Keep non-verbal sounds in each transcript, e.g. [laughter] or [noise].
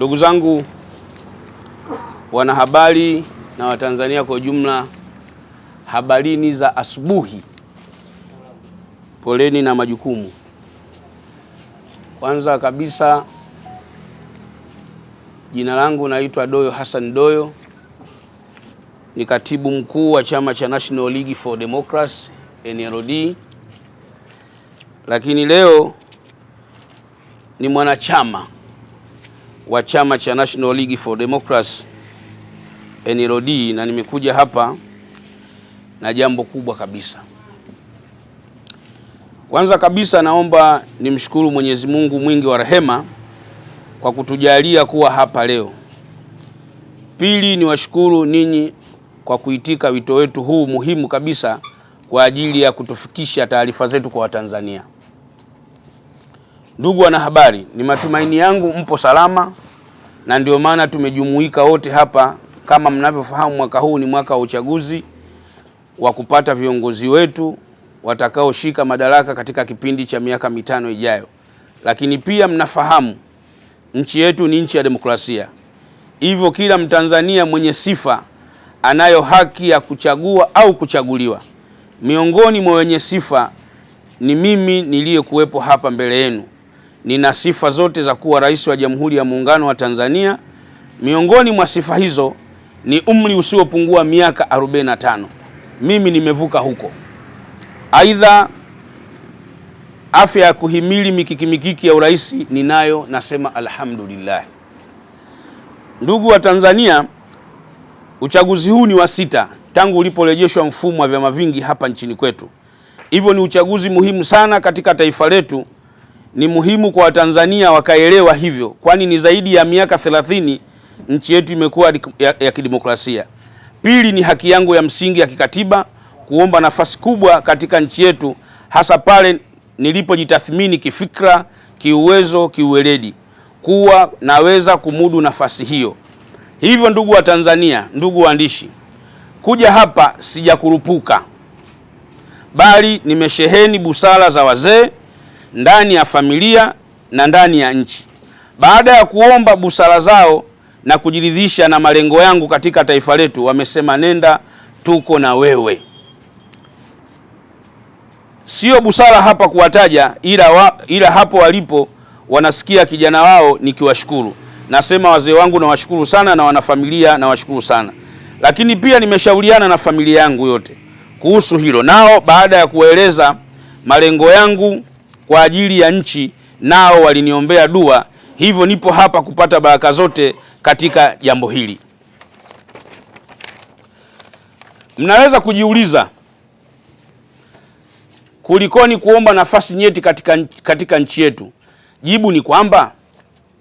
Ndugu zangu wanahabari na Watanzania kwa ujumla, habarini za asubuhi, poleni na majukumu. Kwanza kabisa, jina langu naitwa Doyo Hassan Doyo, ni katibu mkuu wa chama cha National League for Democracy NLD, lakini leo ni mwanachama wa chama cha National League for Democracy NLD, na nimekuja hapa na jambo kubwa kabisa. Kwanza kabisa naomba nimshukuru Mwenyezi Mungu mwingi wa rehema kwa kutujalia kuwa hapa leo. Pili, niwashukuru ninyi kwa kuitika wito wetu huu muhimu kabisa kwa ajili ya kutufikisha taarifa zetu kwa Watanzania. Ndugu wanahabari, ni matumaini yangu mpo salama, na ndio maana tumejumuika wote hapa. Kama mnavyofahamu, mwaka huu ni mwaka wa uchaguzi wa kupata viongozi wetu watakaoshika madaraka katika kipindi cha miaka mitano ijayo, lakini pia mnafahamu nchi yetu ni nchi ya demokrasia, hivyo kila Mtanzania mwenye sifa anayo haki ya kuchagua au kuchaguliwa. Miongoni mwa wenye sifa ni mimi niliyekuwepo hapa mbele yenu nina sifa zote za kuwa rais wa Jamhuri ya Muungano wa Tanzania. Miongoni mwa sifa hizo ni umri usiopungua miaka 45. Mimi nimevuka huko. Aidha, afya ya kuhimili mikikimikiki ya urais ninayo, nasema alhamdulillah. Ndugu wa Tanzania, uchaguzi huu ni wa sita tangu uliporejeshwa mfumo wa vyama vingi hapa nchini kwetu, hivyo ni uchaguzi muhimu sana katika taifa letu ni muhimu kwa Watanzania wakaelewa hivyo, kwani ni zaidi ya miaka thelathini nchi yetu imekuwa ya, ya kidemokrasia. Pili, ni haki yangu ya msingi ya kikatiba kuomba nafasi kubwa katika nchi yetu, hasa pale nilipojitathmini kifikra, kiuwezo, kiuweledi kuwa naweza kumudu nafasi hiyo. Hivyo ndugu wa Tanzania, ndugu waandishi, kuja hapa sijakurupuka, bali nimesheheni busara za wazee ndani ya familia na ndani ya nchi. Baada ya kuomba busara zao na kujiridhisha na malengo yangu katika taifa letu, wamesema nenda, tuko na wewe. Sio busara hapa kuwataja ila, wa, ila hapo walipo wanasikia kijana wao nikiwashukuru. Nasema wazee wangu nawashukuru sana na wanafamilia nawashukuru sana, lakini pia nimeshauriana na familia yangu yote kuhusu hilo nao, baada ya kuwaeleza malengo yangu kwa ajili ya nchi, nao waliniombea dua, hivyo nipo hapa kupata baraka zote katika jambo hili. Mnaweza kujiuliza kulikoni kuomba nafasi nyeti katika, katika nchi yetu? Jibu ni kwamba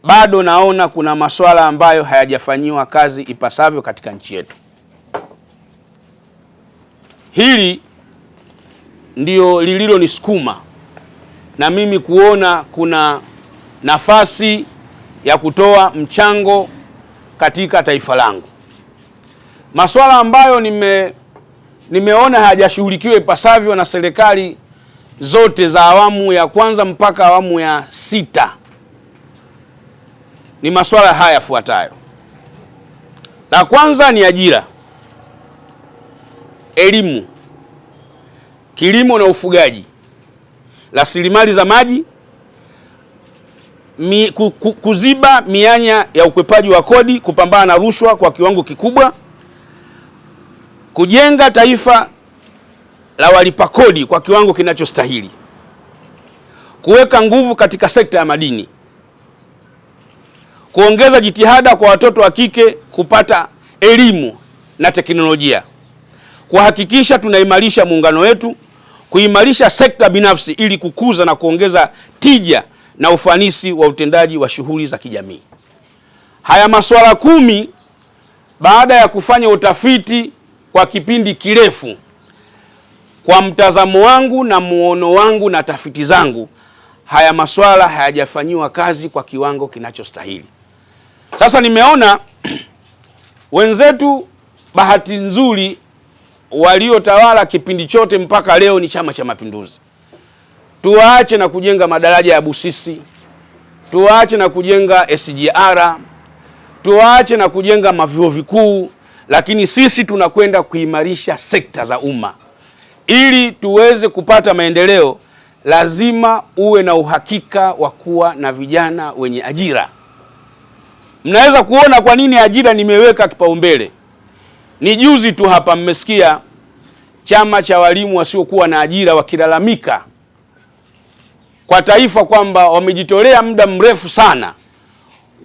bado naona kuna masuala ambayo hayajafanyiwa kazi ipasavyo katika nchi yetu. Hili ndio lililonisukuma na mimi kuona kuna nafasi ya kutoa mchango katika taifa langu. Masuala ambayo nime nimeona hayajashughulikiwa ipasavyo na serikali zote za awamu ya kwanza mpaka awamu ya sita ni masuala haya yafuatayo. La kwanza ni ajira, elimu, kilimo na ufugaji rasilimali za maji mi, kuziba mianya ya ukwepaji wa kodi, kupambana na rushwa kwa kiwango kikubwa, kujenga taifa la walipa kodi kwa kiwango kinachostahili, kuweka nguvu katika sekta ya madini, kuongeza jitihada kwa watoto wa kike kupata elimu na teknolojia, kuhakikisha tunaimarisha muungano wetu kuimarisha sekta binafsi ili kukuza na kuongeza tija na ufanisi wa utendaji wa shughuli za kijamii. Haya masuala kumi, baada ya kufanya utafiti kwa kipindi kirefu, kwa mtazamo wangu na muono wangu na tafiti zangu, haya masuala hayajafanyiwa kazi kwa kiwango kinachostahili. Sasa nimeona [clears throat] wenzetu bahati nzuri waliotawala kipindi chote mpaka leo ni Chama cha Mapinduzi. Tuwaache na kujenga madaraja ya Busisi, tuwaache na kujenga SGR, tuwaache na kujenga mavyuo vikuu, lakini sisi tunakwenda kuimarisha sekta za umma. Ili tuweze kupata maendeleo, lazima uwe na uhakika wa kuwa na vijana wenye ajira. Mnaweza kuona kwa nini ajira nimeweka kipaumbele. Ni juzi tu hapa mmesikia chama cha walimu wasiokuwa na ajira wakilalamika kwa taifa kwamba wamejitolea muda mrefu sana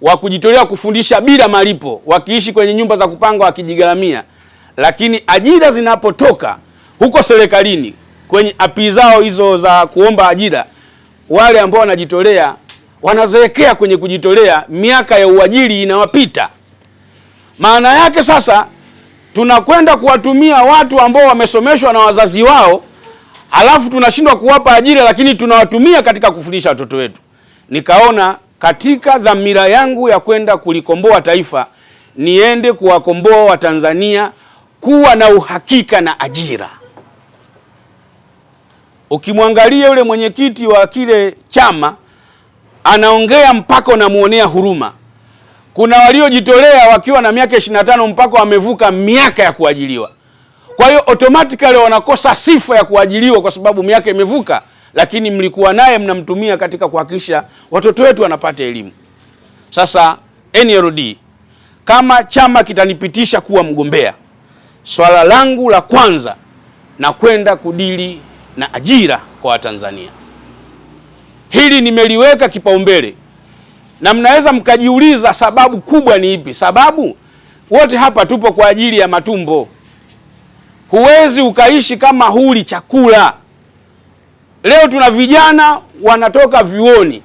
wa kujitolea kufundisha bila malipo, wakiishi kwenye nyumba za kupanga wakijigaramia lakini ajira zinapotoka huko serikalini kwenye api zao hizo za kuomba ajira, wale ambao wanajitolea wanazoekea kwenye kujitolea, miaka ya uajiri inawapita. Maana yake sasa tunakwenda kuwatumia watu ambao wamesomeshwa na wazazi wao, alafu tunashindwa kuwapa ajira, lakini tunawatumia katika kufundisha watoto wetu. Nikaona katika dhamira yangu ya kwenda kulikomboa taifa, niende kuwakomboa Watanzania kuwa na uhakika na ajira. Ukimwangalia yule mwenyekiti wa kile chama anaongea mpaka unamuonea huruma. Kuna waliojitolea wakiwa na miaka 25 mpaka wamevuka miaka ya kuajiliwa. Kwa hiyo automatically wanakosa sifa ya kuajiliwa kwa sababu miaka imevuka, lakini mlikuwa naye mnamtumia katika kuhakikisha watoto wetu wanapata elimu. Sasa NLD kama chama kitanipitisha kuwa mgombea, swala langu la kwanza na kwenda kudili na ajira kwa Watanzania. Hili nimeliweka kipaumbele na mnaweza mkajiuliza sababu kubwa ni ipi? Sababu wote hapa tupo kwa ajili ya matumbo. Huwezi ukaishi kama huli chakula. Leo tuna vijana wanatoka vyuoni,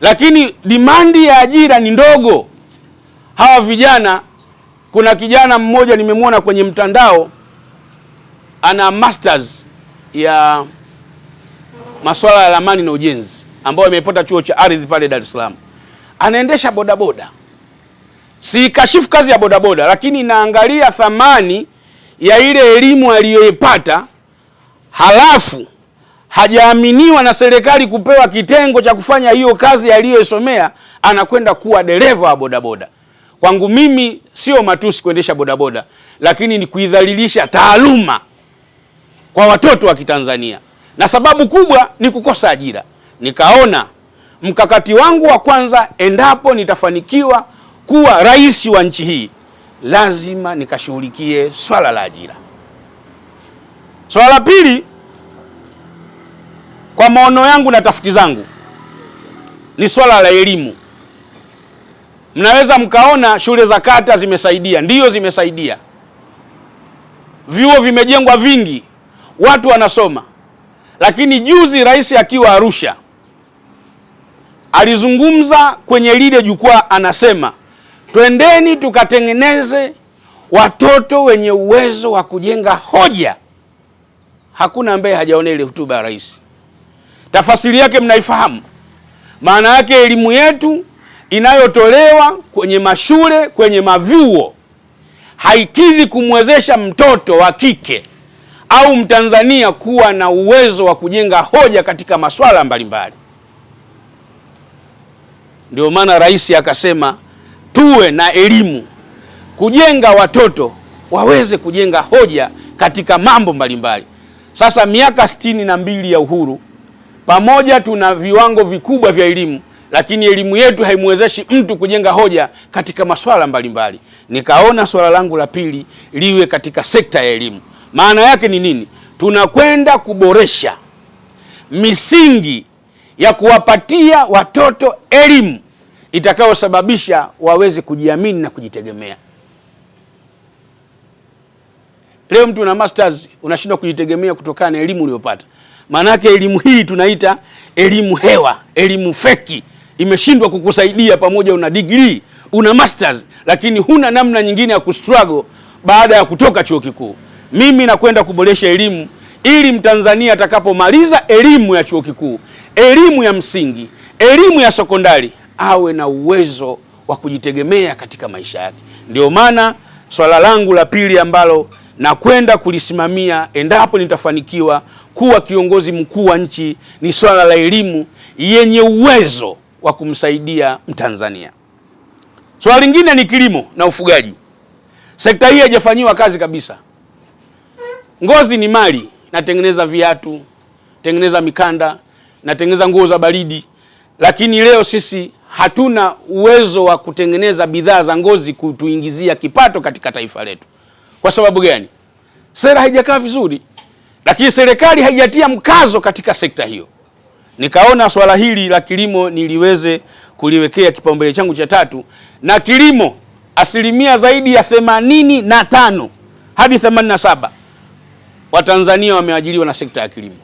lakini dimandi ya ajira ni ndogo. Hawa vijana, kuna kijana mmoja nimemwona kwenye mtandao ana masters ya masuala ya ramani na ujenzi ambayo imepata chuo cha ardhi pale Dar es Salaam, anaendesha bodaboda. Siikashifu kazi ya bodaboda, lakini naangalia thamani ya ile elimu aliyoipata, halafu hajaaminiwa na serikali kupewa kitengo cha kufanya hiyo kazi aliyoisomea, anakwenda kuwa dereva wa bodaboda. Kwangu mimi sio matusi kuendesha bodaboda, lakini ni kuidhalilisha taaluma kwa watoto wa Kitanzania, na sababu kubwa ni kukosa ajira nikaona mkakati wangu wa kwanza, endapo nitafanikiwa kuwa rais wa nchi hii, lazima nikashughulikie swala la ajira. Swala la pili, kwa maono yangu na tafiti zangu, ni swala la elimu. Mnaweza mkaona shule za kata zimesaidia, ndiyo zimesaidia, vyuo vimejengwa vingi, watu wanasoma. Lakini juzi rais akiwa Arusha alizungumza kwenye lile jukwaa, anasema twendeni tukatengeneze watoto wenye uwezo wa kujenga hoja. Hakuna ambaye hajaona ile hotuba ya rais. Tafasiri yake mnaifahamu, maana yake elimu yetu inayotolewa kwenye mashule, kwenye mavyuo haikidhi kumwezesha mtoto wa kike au Mtanzania kuwa na uwezo wa kujenga hoja katika masuala mbalimbali. Ndio maana rais akasema tuwe na elimu, kujenga watoto waweze kujenga hoja katika mambo mbalimbali mbali. Sasa miaka sitini na mbili ya uhuru, pamoja tuna viwango vikubwa vya elimu, lakini elimu yetu haimwezeshi mtu kujenga hoja katika masuala mbalimbali. Nikaona swala langu la pili liwe katika sekta ya elimu. Maana yake ni nini? Tunakwenda kuboresha misingi ya kuwapatia watoto elimu itakayosababisha waweze kujiamini na kujitegemea. Leo mtu una masters unashindwa kujitegemea kutokana na elimu uliyopata. Maana yake elimu hii tunaita elimu hewa, elimu feki, imeshindwa kukusaidia. Pamoja una degree, una masters, lakini huna namna nyingine ya kustruggle baada ya kutoka chuo kikuu. Mimi nakwenda kuboresha elimu ili Mtanzania atakapomaliza elimu ya chuo kikuu elimu ya msingi, elimu ya sekondari, awe na uwezo wa kujitegemea katika maisha yake. Ndio maana swala langu la pili ambalo nakwenda kulisimamia endapo nitafanikiwa kuwa kiongozi mkuu wa nchi ni swala la elimu yenye uwezo wa kumsaidia Mtanzania. Swala lingine ni kilimo na ufugaji. Sekta hii haijafanyiwa kazi kabisa. Ngozi ni mali, natengeneza viatu, tengeneza mikanda, natengeneza nguo za baridi, lakini leo sisi hatuna uwezo wa kutengeneza bidhaa za ngozi kutuingizia kipato katika taifa letu. Kwa sababu gani? Sera haijakaa vizuri, lakini serikali haijatia mkazo katika sekta hiyo. Nikaona swala hili la kilimo niliweze kuliwekea kipaumbele changu cha tatu, na kilimo asilimia zaidi ya themanini na tano hadi themanini na saba Watanzania wameajiriwa na sekta ya kilimo.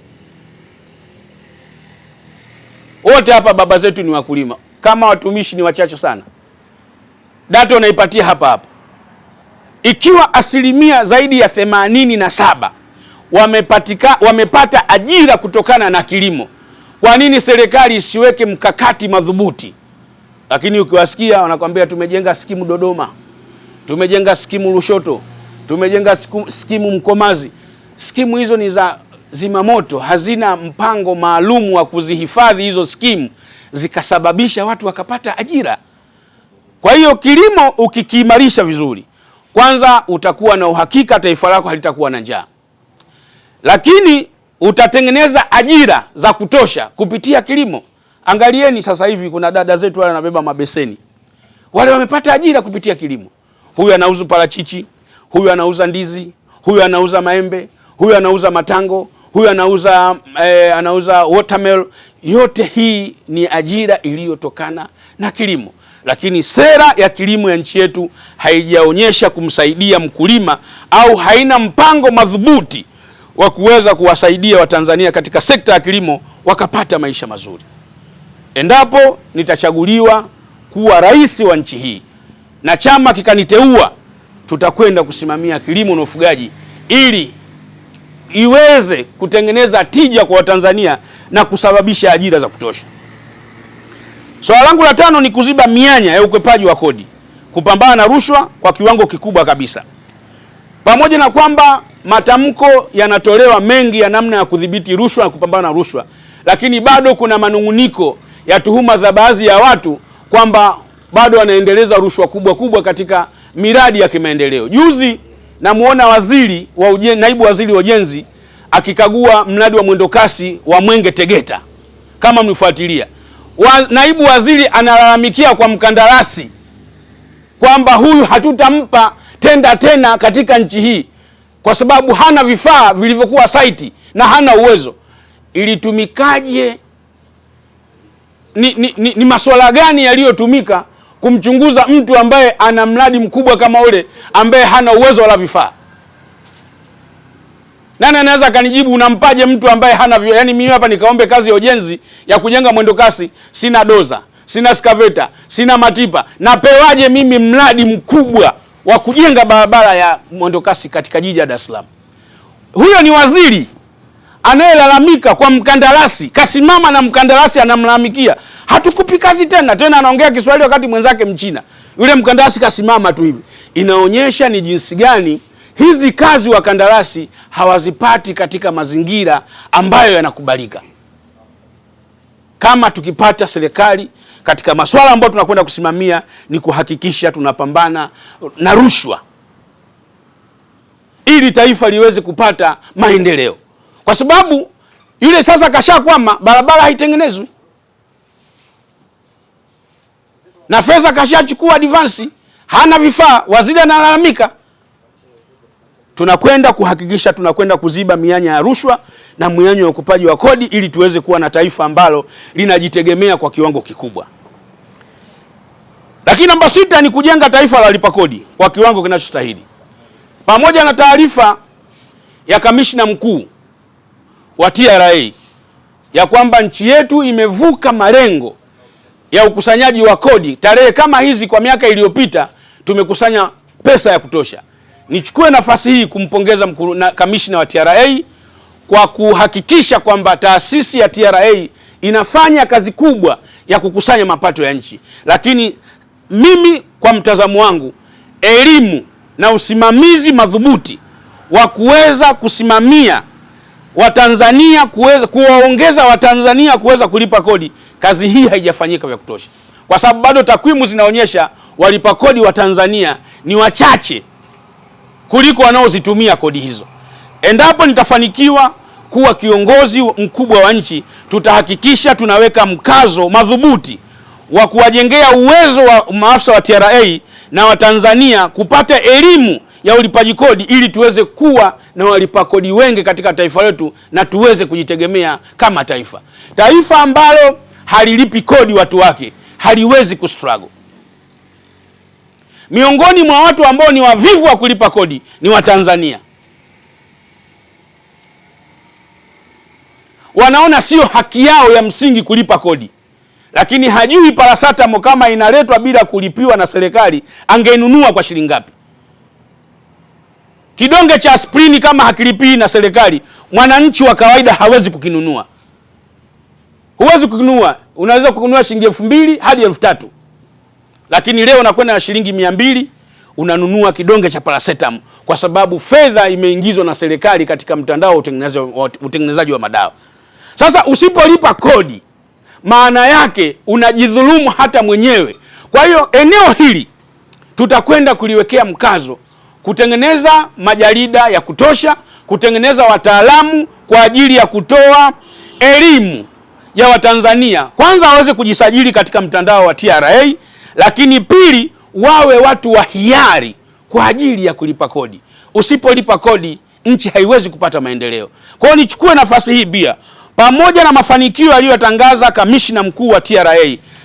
Wote hapa baba zetu ni wakulima, kama watumishi ni wachache sana. Data unaipatia hapa hapa, ikiwa asilimia zaidi ya themanini na saba wamepatika wamepata ajira kutokana na kilimo, kwa nini serikali isiweke mkakati madhubuti? Lakini ukiwasikia wanakwambia tumejenga skimu Dodoma, tumejenga skimu Lushoto, tumejenga skimu Mkomazi. Skimu hizo ni za zimamoto hazina mpango maalum wa kuzihifadhi hizo skimu, zikasababisha watu wakapata ajira. Kwa hiyo kilimo ukikiimarisha vizuri, kwanza utakuwa na uhakika taifa lako halitakuwa na njaa, lakini utatengeneza ajira za kutosha kupitia kilimo. Angalieni sasa hivi kuna dada zetu wale wanabeba mabeseni, wale wamepata ajira kupitia kilimo. Huyu anauza parachichi, huyu anauza ndizi, huyu anauza maembe, huyu anauza matango huyu anauza eh, anauza watermelon. Yote hii ni ajira iliyotokana na kilimo, lakini sera ya kilimo ya nchi yetu haijaonyesha kumsaidia mkulima au haina mpango madhubuti wa kuweza kuwasaidia Watanzania katika sekta ya kilimo wakapata maisha mazuri. Endapo nitachaguliwa kuwa rais wa nchi hii na chama kikaniteua, tutakwenda kusimamia kilimo na ufugaji ili iweze kutengeneza tija kwa Watanzania na kusababisha ajira za kutosha. Swala so, langu la tano ni kuziba mianya ya ukwepaji wa kodi, kupambana na rushwa kwa kiwango kikubwa kabisa. Pamoja na kwamba matamko yanatolewa mengi ya namna ya kudhibiti rushwa na kupambana na rushwa, lakini bado kuna manung'uniko ya tuhuma za baadhi ya watu kwamba bado wanaendeleza rushwa kubwa kubwa katika miradi ya kimaendeleo. Juzi namuona waziri wa ujenzi, naibu waziri wa ujenzi akikagua mradi wa mwendokasi wa Mwenge Tegeta, kama mlifuatilia wa, naibu waziri analalamikia kwa mkandarasi kwamba huyu hatutampa tenda tena katika nchi hii kwa sababu hana vifaa vilivyokuwa saiti na hana uwezo. Ilitumikaje? Ni, ni, ni, ni masuala gani yaliyotumika kumchunguza mtu ambaye ana mradi mkubwa kama ule, ambaye hana uwezo wala vifaa? Nani anaweza akanijibu? Unampaje mtu ambaye hana vyo? Yaani mimi hapa nikaombe kazi ya ujenzi ya kujenga mwendo kasi, sina doza, sina skaveta, sina matipa, napewaje mimi mradi mkubwa wa kujenga barabara ya mwendo kasi katika jiji la Dar es Salaam? Huyo ni waziri anayelalamika kwa mkandarasi kasimama na mkandarasi anamlalamikia, hatukupi kazi tena. Tena anaongea Kiswahili wakati mwenzake Mchina, yule mkandarasi kasimama tu hivi. Inaonyesha ni jinsi gani hizi kazi wakandarasi hawazipati katika mazingira ambayo yanakubalika. Kama tukipata serikali katika masuala ambayo tunakwenda kusimamia ni kuhakikisha tunapambana na rushwa ili taifa liweze kupata maendeleo kwa sababu yule sasa kasha kashakwama, barabara haitengenezwi na fedha kashachukua advansi, hana vifaa, waziri analalamika. Tunakwenda kuhakikisha tunakwenda kuziba mianya ya rushwa na mianya ya ukupaji wa kodi, ili tuweze kuwa na taifa ambalo linajitegemea kwa kiwango kikubwa. Lakini namba sita ni kujenga taifa la lipa kodi kwa kiwango kinachostahili. Pamoja na taarifa ya kamishna mkuu wa TRA ya kwamba nchi yetu imevuka malengo ya ukusanyaji wa kodi. Tarehe kama hizi kwa miaka iliyopita tumekusanya pesa ya kutosha. Nichukue nafasi hii kumpongeza mkuru, na kamishna wa TRA kwa kuhakikisha kwamba taasisi ya TRA inafanya kazi kubwa ya kukusanya mapato ya nchi. Lakini mimi kwa mtazamo wangu, elimu na usimamizi madhubuti wa kuweza kusimamia Watanzania kuweza kuwaongeza Watanzania kuweza kulipa kodi, kazi hii haijafanyika vya kutosha, kwa sababu bado takwimu zinaonyesha walipa kodi wa Tanzania ni wachache kuliko wanaozitumia kodi hizo. Endapo nitafanikiwa kuwa kiongozi mkubwa wa nchi, tutahakikisha tunaweka mkazo madhubuti wa kuwajengea uwezo wa maafisa wa TRA na Watanzania kupata elimu ya ulipaji kodi ili tuweze kuwa na walipa kodi wengi katika taifa letu na tuweze kujitegemea kama taifa. Taifa ambalo halilipi kodi watu wake haliwezi kustruggle. Miongoni mwa watu ambao ni wavivu wa kulipa kodi ni Watanzania. Wanaona sio haki yao ya msingi kulipa kodi, lakini hajui parasatamo kama inaletwa bila kulipiwa na serikali angeinunua kwa shilingi ngapi? Kidonge cha aspirini kama hakilipii na serikali, mwananchi wa kawaida hawezi kukinunua. Huwezi kukinunua, unaweza kununua shilingi elfu mbili hadi elfu tatu lakini leo unakwenda na shilingi mia mbili unanunua kidonge cha paracetamol kwa sababu fedha imeingizwa na serikali katika mtandao wa utengenezaji wa madawa. Sasa usipolipa kodi, maana yake unajidhulumu hata mwenyewe. Kwa hiyo eneo hili tutakwenda kuliwekea mkazo kutengeneza majarida ya kutosha, kutengeneza wataalamu kwa ajili ya kutoa elimu ya Watanzania, kwanza waweze kujisajili katika mtandao wa TRA, lakini pili wawe watu wa hiari kwa ajili ya kulipa kodi. Usipolipa kodi, nchi haiwezi kupata maendeleo. Kwa hiyo nichukue nafasi hii pia, pamoja na mafanikio aliyotangaza kamishna mkuu wa TRA,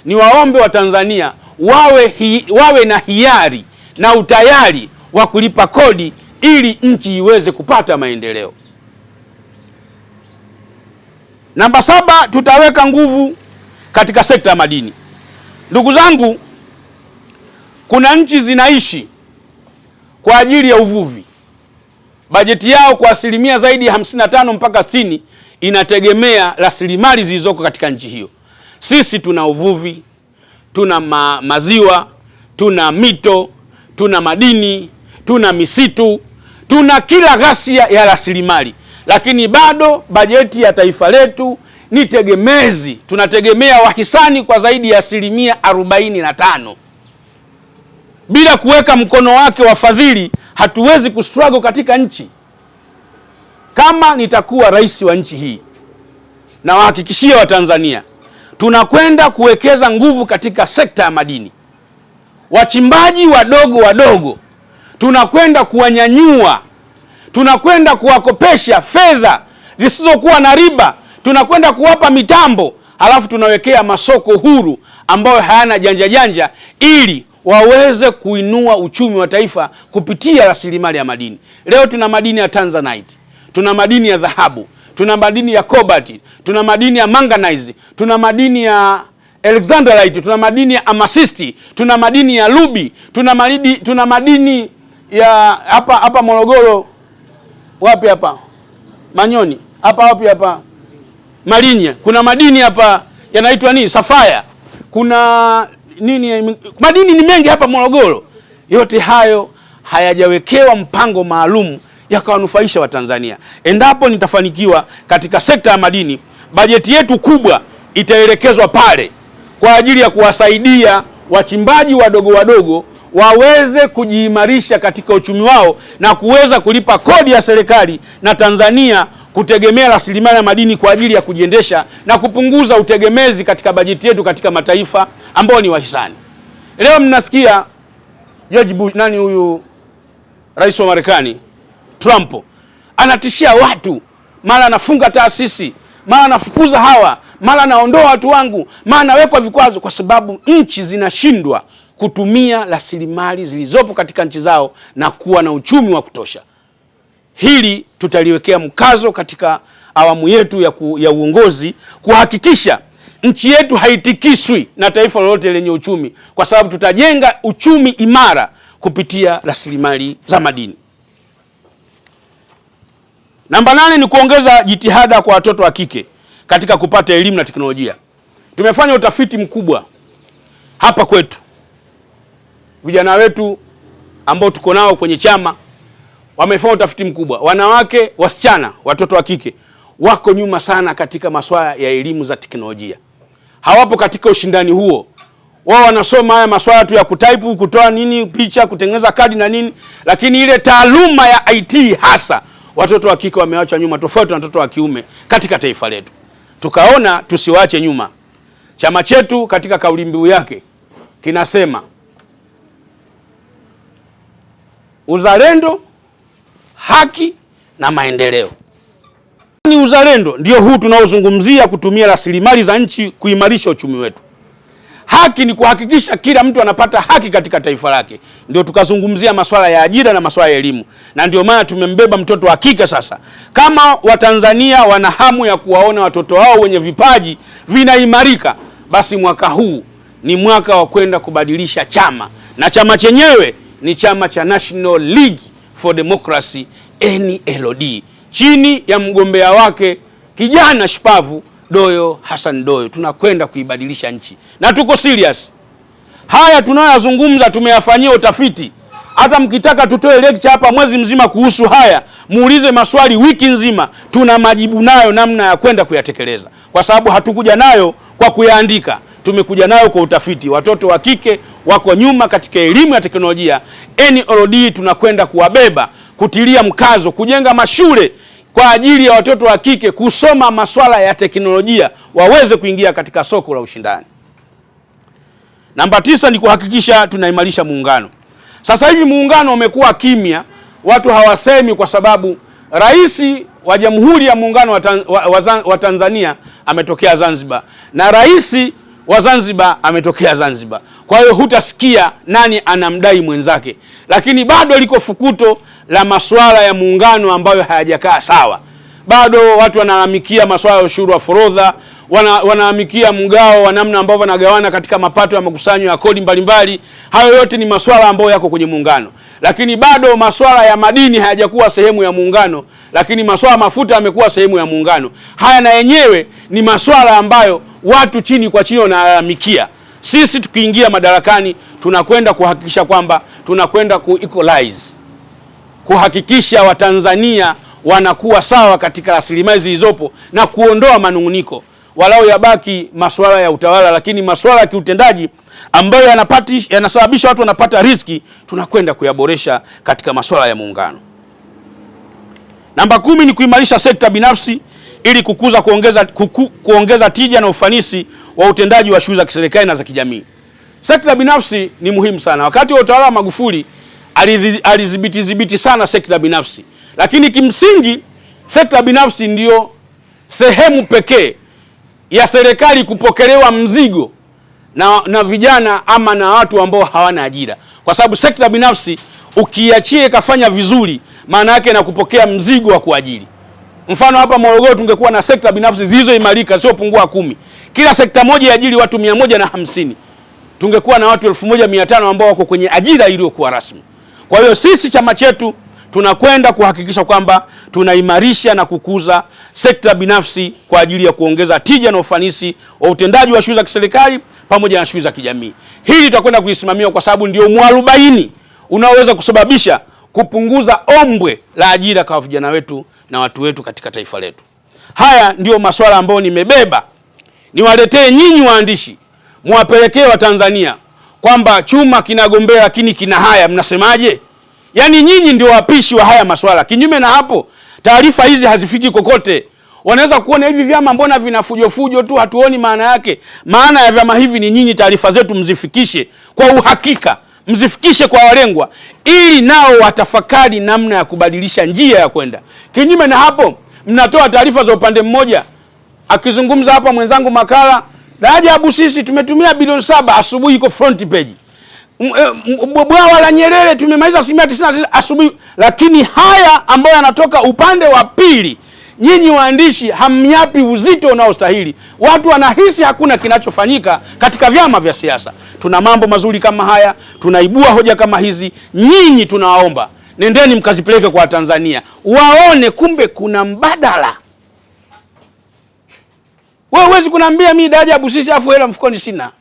niwaombe Watanzania wawe, hi, wawe na hiari na utayari wa kulipa kodi ili nchi iweze kupata maendeleo. Namba saba, tutaweka nguvu katika sekta ya madini. Ndugu zangu, kuna nchi zinaishi kwa ajili ya uvuvi. Bajeti yao kwa asilimia zaidi ya 55 mpaka 60 inategemea rasilimali zilizoko katika nchi hiyo. Sisi tuna uvuvi, tuna ma maziwa, tuna mito, tuna madini, tuna misitu, tuna kila ghasia ya rasilimali, lakini bado bajeti ya taifa letu ni tegemezi. Tunategemea wahisani kwa zaidi ya asilimia arobaini na tano. Bila kuweka mkono wake wafadhili, hatuwezi kustruggle katika nchi. Kama nitakuwa rais wa nchi hii, nawahakikishia Watanzania tunakwenda kuwekeza nguvu katika sekta ya madini. Wachimbaji wadogo wadogo tunakwenda kuwanyanyua, tunakwenda kuwakopesha fedha zisizokuwa na riba, tunakwenda kuwapa mitambo, halafu tunawekea masoko huru ambayo hayana janja janja, ili waweze kuinua uchumi wa taifa kupitia rasilimali ya madini. Leo tuna madini ya Tanzanite, tuna madini ya dhahabu, tuna madini ya cobalt, tuna madini ya manganese, tuna madini ya alexandrite, tuna madini ya amasisti, tuna madini ya lubi, tuna madini, tuna madini ya hapa hapa Morogoro, wapi hapa Manyoni hapa wapi hapa Malinya, kuna madini hapa yanaitwa nini, safaya, kuna nini, madini ni mengi hapa Morogoro. Yote hayo hayajawekewa mpango maalum yakawanufaisha Watanzania. Endapo nitafanikiwa katika sekta ya madini, bajeti yetu kubwa itaelekezwa pale kwa ajili ya kuwasaidia wachimbaji wadogo wadogo waweze kujiimarisha katika uchumi wao na kuweza kulipa kodi ya serikali na Tanzania kutegemea rasilimali ya madini kwa ajili ya kujiendesha na kupunguza utegemezi katika bajeti yetu katika mataifa ambao ni wahisani. Leo mnasikia George Bush, nani huyu rais wa Marekani Trump, anatishia watu, mara anafunga taasisi, mara anafukuza hawa, mara anaondoa watu wangu, mara anawekwa vikwazo, kwa sababu nchi zinashindwa kutumia rasilimali zilizopo katika nchi zao na kuwa na uchumi wa kutosha. Hili tutaliwekea mkazo katika awamu yetu ya, ku, ya uongozi kuhakikisha nchi yetu haitikiswi na taifa lolote lenye uchumi, kwa sababu tutajenga uchumi imara kupitia rasilimali za madini. Namba nane ni kuongeza jitihada kwa watoto wa kike katika kupata elimu na teknolojia. Tumefanya utafiti mkubwa hapa kwetu vijana wetu ambao tuko nao kwenye chama wamefanya utafiti mkubwa. Wanawake, wasichana, watoto wa kike wako nyuma sana katika masuala ya elimu za teknolojia, hawapo katika ushindani huo. Wao wanasoma haya masuala tu ya kutaipu, kutoa nini, picha, kutengeneza kadi na nini, lakini ile taaluma ya IT hasa watoto wa kike wamewachwa nyuma, tofauti na watoto wa kiume katika taifa letu. Tukaona tusiwache nyuma. Chama chetu katika kauli mbiu yake kinasema uzalendo, haki na maendeleo. Ni uzalendo ndio huu tunaozungumzia, kutumia rasilimali za nchi kuimarisha uchumi wetu. Haki ni kuhakikisha kila mtu anapata haki katika taifa lake, ndio tukazungumzia masuala ya ajira na masuala ya elimu, na ndio maana tumembeba mtoto wa kike. Sasa kama Watanzania wana hamu ya kuwaona watoto wao wenye vipaji vinaimarika, basi mwaka huu ni mwaka wa kwenda kubadilisha chama na chama chenyewe ni chama cha National League for Democracy NLD chini ya mgombea wake kijana shupavu Doyo Hassan Doyo. Tunakwenda kuibadilisha nchi na tuko serious. Haya tunayoyazungumza tumeyafanyia utafiti. Hata mkitaka tutoe lecture hapa mwezi mzima kuhusu haya, muulize maswali wiki nzima, tuna majibu nayo namna ya kwenda kuyatekeleza, kwa sababu hatukuja nayo kwa kuyaandika, tumekuja nayo kwa utafiti. Watoto wa kike wako nyuma katika elimu ya teknolojia. NLD tunakwenda kuwabeba, kutilia mkazo kujenga mashule kwa ajili ya watoto wa kike kusoma masuala ya teknolojia, waweze kuingia katika soko la ushindani. Namba tisa ni kuhakikisha tunaimarisha muungano. Sasa hivi muungano umekuwa kimya, watu hawasemi kwa sababu rais wa Jamhuri ya Muungano wa, wa, wa, wa Tanzania ametokea Zanzibar na rais wa Zanzibar ametokea Zanzibar. Kwa hiyo hutasikia nani anamdai mwenzake, lakini bado liko fukuto la masuala ya muungano ambayo hayajakaa sawa. Bado watu wanalalamikia masuala ya ushuru wa forodha, wana, wanaamikia mgao wa namna ambavyo wanagawana katika mapato ya makusanyo ya kodi mbalimbali. Hayo yote ni masuala ambayo yako kwenye muungano, lakini bado masuala ya madini hayajakuwa sehemu ya muungano, lakini masuala mafuta yamekuwa sehemu ya muungano. Haya na yenyewe ni masuala ambayo watu chini kwa chini wanalalamikia. Sisi tukiingia madarakani, tunakwenda kuhakikisha kwamba tunakwenda ku equalize kuhakikisha Watanzania wanakuwa sawa katika rasilimali zilizopo na kuondoa manung'uniko walau yabaki masuala ya utawala, lakini masuala ya kiutendaji ambayo yanasababisha watu wanapata riski, tunakwenda kuyaboresha katika masuala ya muungano. Namba kumi ni kuimarisha sekta binafsi ili kukuza kuongeza, kuku, kuongeza tija na ufanisi wa utendaji wa shughuli za kiserikali na za kijamii. Sekta binafsi ni muhimu sana. Wakati wa utawala wa Magufuli alidhibiti dhibiti sana sekta binafsi, lakini kimsingi sekta binafsi ndiyo sehemu pekee ya serikali kupokelewa mzigo na, na vijana ama na watu ambao hawana ajira, kwa sababu sekta binafsi ukiachia ikafanya vizuri, maana yake na kupokea mzigo wa kuajiri. Mfano hapa Morogoro tungekuwa na sekta binafsi zilizoimarika siopungua kumi, kila sekta moja iajiri watu mia moja na hamsini tungekuwa na watu elfu moja mia tano ambao wako kwenye ajira iliyokuwa rasmi. Kwa hiyo sisi chama chetu tunakwenda kuhakikisha kwamba tunaimarisha na kukuza sekta binafsi kwa ajili ya kuongeza tija na ufanisi wa utendaji wa shughuli za kiserikali pamoja na shughuli za kijamii. Hili tutakwenda kuisimamia kwa sababu ndio mwarobaini unaoweza kusababisha kupunguza ombwe la ajira kwa vijana wetu na watu wetu katika taifa letu. Haya ndiyo masuala ambayo nimebeba niwaletee nyinyi waandishi, mwapelekee Watanzania kwamba chuma kinagombea lakini kina haya, mnasemaje? Yaani nyinyi ndio wapishi wa haya maswala. Kinyume na hapo, taarifa hizi hazifiki kokote. Wanaweza kuona hivi vyama mbona vinafujofujo fujo tu, hatuoni maana yake. Maana ya vyama hivi ni nyinyi, taarifa zetu mzifikishe kwa uhakika, mzifikishe kwa walengwa, ili nao watafakari namna ya kubadilisha njia ya kwenda. Kinyume na hapo, mnatoa taarifa za upande mmoja. Akizungumza hapa mwenzangu Makala, Rajabu, sisi tumetumia bilioni saba, asubuhi iko front page. Eh, bwawa la Nyerere tumemaliza asilimia 99 asubuhi, lakini haya ambayo yanatoka upande wa pili nyinyi waandishi hamyapi uzito unaostahili. Watu wanahisi hakuna kinachofanyika katika vyama vya siasa. Tuna mambo mazuri kama haya, tunaibua hoja kama hizi. Nyinyi tunawaomba nendeni mkazipeleke kwa tanzania waone, kumbe kuna mbadala. Wewe huwezi kuniambia mimi Daajabu busisi afu hela mfukoni sina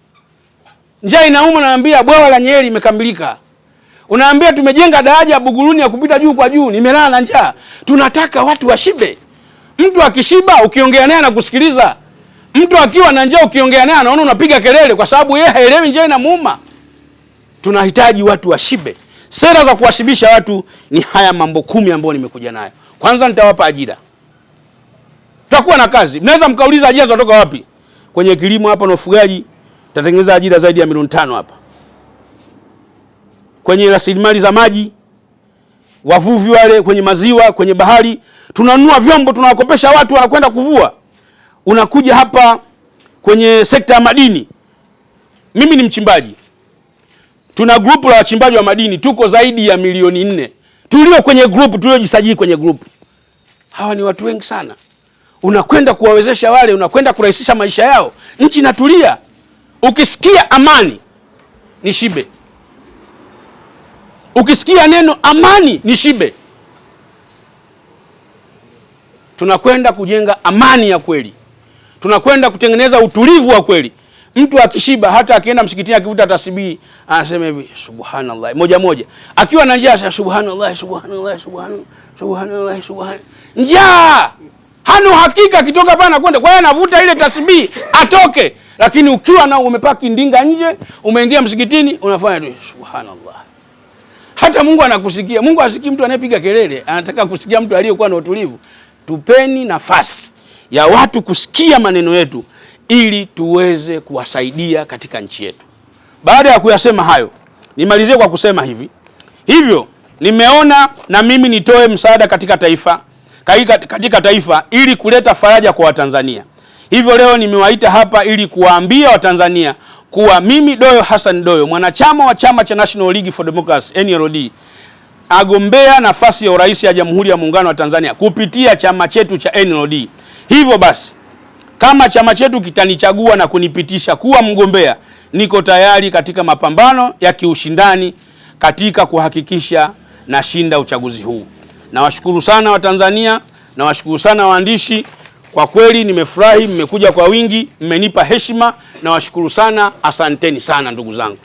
njia inauma, naambia bwawa la Nyeri imekamilika. Unaambia tumejenga daraja ya Buguruni ya kupita juu kwa juu, nimelala na njaa. Tunataka watu washibe. Mtu akishiba ukiongea naye anakusikiliza. Mtu akiwa na njaa ukiongea naye anaona unapiga kelele, kwa sababu yeye haelewi njaa inamuuma. Tunahitaji watu washibe. Sera za kuwashibisha watu ni haya mambo kumi ambayo nimekuja nayo. Kwanza nitawapa ajira, tutakuwa na kazi. Mnaweza mkauliza ajira zinatoka wapi? Kwenye kilimo hapa na ufugaji tatengeneza ajira zaidi ya milioni tano hapa kwenye rasilimali za maji, wavuvi wale kwenye maziwa, kwenye bahari, tunanunua vyombo, tunawakopesha watu wanakwenda kuvua. Unakuja hapa kwenye sekta ya madini, mimi ni mchimbaji, tuna grupu la wachimbaji wa madini, tuko zaidi ya milioni nne tulio kwenye grupu, tuliojisajili kwenye grupu. Hawa ni watu wengi sana, unakwenda kuwawezesha wale, unakwenda kurahisisha maisha yao, nchi inatulia. Ukisikia amani ni shibe, ukisikia neno amani ni shibe. Tunakwenda kujenga amani ya kweli, tunakwenda kutengeneza utulivu wa kweli. Mtu akishiba hata akienda msikitini akivuta tasbihi anasema hivi subhanallah, moja moja, akiwa na njaa subhanallah, subhanallah, subhanallah, subhanallah. Njaa hana hakika, akitoka pale anakwenda kwa hiyo anavuta ile tasbihi atoke lakini ukiwa nao umepaki ndinga nje, umeingia msikitini, unafanya tu subhanallah. Hata Mungu anakusikia. Mungu asikii mtu anayepiga kelele, anataka kusikia mtu aliyekuwa na utulivu. Tupeni nafasi ya watu kusikia maneno yetu ili tuweze kuwasaidia katika nchi yetu. Baada ya kuyasema hayo, nimalizie kwa kusema hivi. Hivyo nimeona na mimi nitoe msaada katika taifa katika taifa ili kuleta faraja kwa Watanzania. Hivyo leo nimewaita hapa ili kuwaambia Watanzania kuwa mimi Doyo Hassan Doyo, mwanachama wa chama cha National League for Democracy NLD, agombea nafasi ya urais ya Jamhuri ya Muungano wa Tanzania kupitia chama chetu cha NLD. Hivyo basi kama chama chetu kitanichagua na kunipitisha kuwa mgombea, niko tayari katika mapambano ya kiushindani katika kuhakikisha nashinda uchaguzi huu. Nawashukuru sana Watanzania, nawashukuru sana waandishi. Kwa kweli nimefurahi, mmekuja kwa wingi, mmenipa heshima, nawashukuru sana, asanteni sana ndugu zangu.